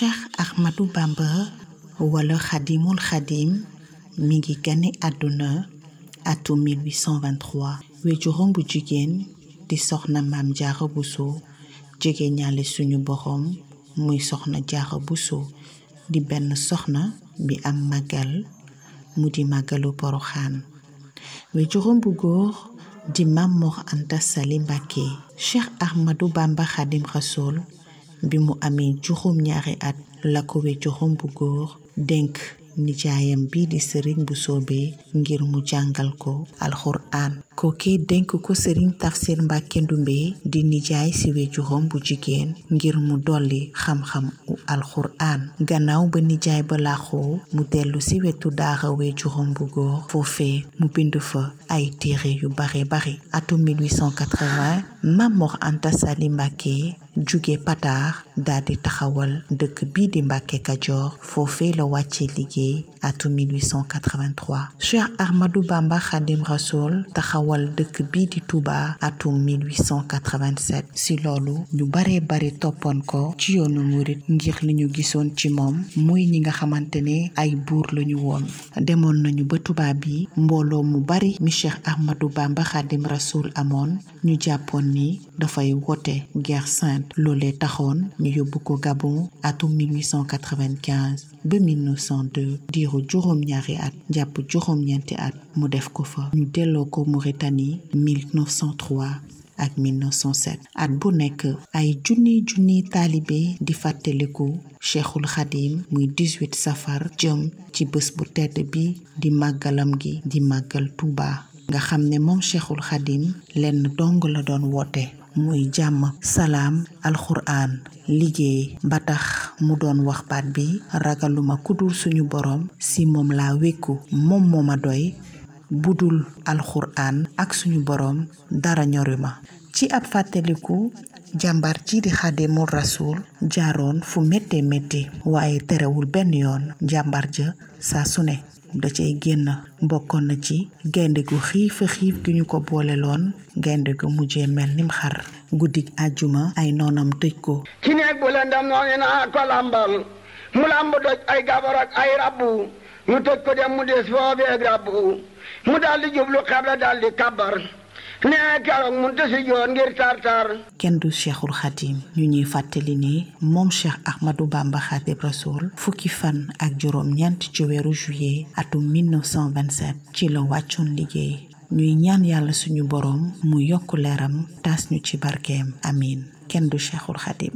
cheikh ahmadu bamba wala xadimul xadim mi ngi gane àdduna atu 1823 wéjuram bu jigéen di soxna maam jaara jege ñaale suñu borom muy soxna jaara buso di benn soxna bi am màggal mu di màggalu poroxaan wéjuram bu góor di maam mor anta sali mbàkke cheikh ahmadu bamba xadim rasoul bi mu amee juróom ñaari at la ko wéccoxam bu góor dénk nijaayam bii di sëriñ bu soobee ngir mu jàngal ko alxuraan kookee dénk ko sëriñ tafsir mbàkke ndumbe di nijaay si wéccuxam bu jigéen ngir mu dolli xam-xam u alxuraan gannaaw ba nijaay ba làqoo mu dellu ci wetu daara wéccuxam bu góor foofee mu bind fa ay téere yu bare bare atum 1880 Mamor Anta jóge pataar daldi taxawal dëkk bii di Mbàkke Kajoor foofee la wàcce liggéey atu 1883 Cheikh Ahmadou Bamba Xadim Rasoul taxawal dëkk bii di Touba atum 1887 si loolu ñu baree bari toppoon ko ci yoonu murit ngir li ñu gisoon ci moom muy ñi nga xamante ne ay buur lañu woon demoon nañu ba tubaab yi mbooloo mu bari mi Cheikh Ahmadou Bamba Xadim Rasoul amoon ñu jàppoon ni dafay wote guerre sainte William loolee taxoon ñu yóbbu ko Gabon atum 1895 ba 1902 diiru juróom-ñaari at jàpp juróom-ñeenti at mu def ko fa ñu delloo ko Mauritanie 1903 ak 1907 at bu nekk ay junni junni taalibe di fàttaliku cheikhul xadim muy 18 safar jëm ci bés bu tedd bi di màggalam gi di màggal Touba. nga xam ne moom cheikhul xadim lenn dong la doon woote muy jàmm salaam alxuraan liggéey ba tax mu doon wax baat bi ragaluma kudul suñu boroom si moom laa wékku moom moo ma doy budul alxuraan ak suñu boroom dara ma ci ab fàttaliku jàmbar ci di xaadimul rasul jaaroon fu méttee métti waaye terewul benn yoon jàmbar ja saa su ne da cay génn bokkoon na ci gaynde gu xiifa xiif gi ñu ko booleloon gaynde gu mujjee mel nim xar guddik àjjuma ay noonam tëj ko ci neeg bu lëndam noonu naa ko làmbal mu làmb doj ay gabar ak ay rabbu ñu tëj ko dem mu des foofee ak rabbu mu daldi jublu xebla daldi kabar nee keroog mun te joon ngir tartar kenn du cheikhul xatim ñu ñuy fàttali ni moom cheikh ahmadou bamba xaadim fukki fan ak juróom ñeent ci weeru juillet atum 1927 ci la wàccoon liggéey ñuy ñaan yàlla suñu boroom mu yokk leeram taas ñu ci barkeem amiin kenn du cheikhul xadim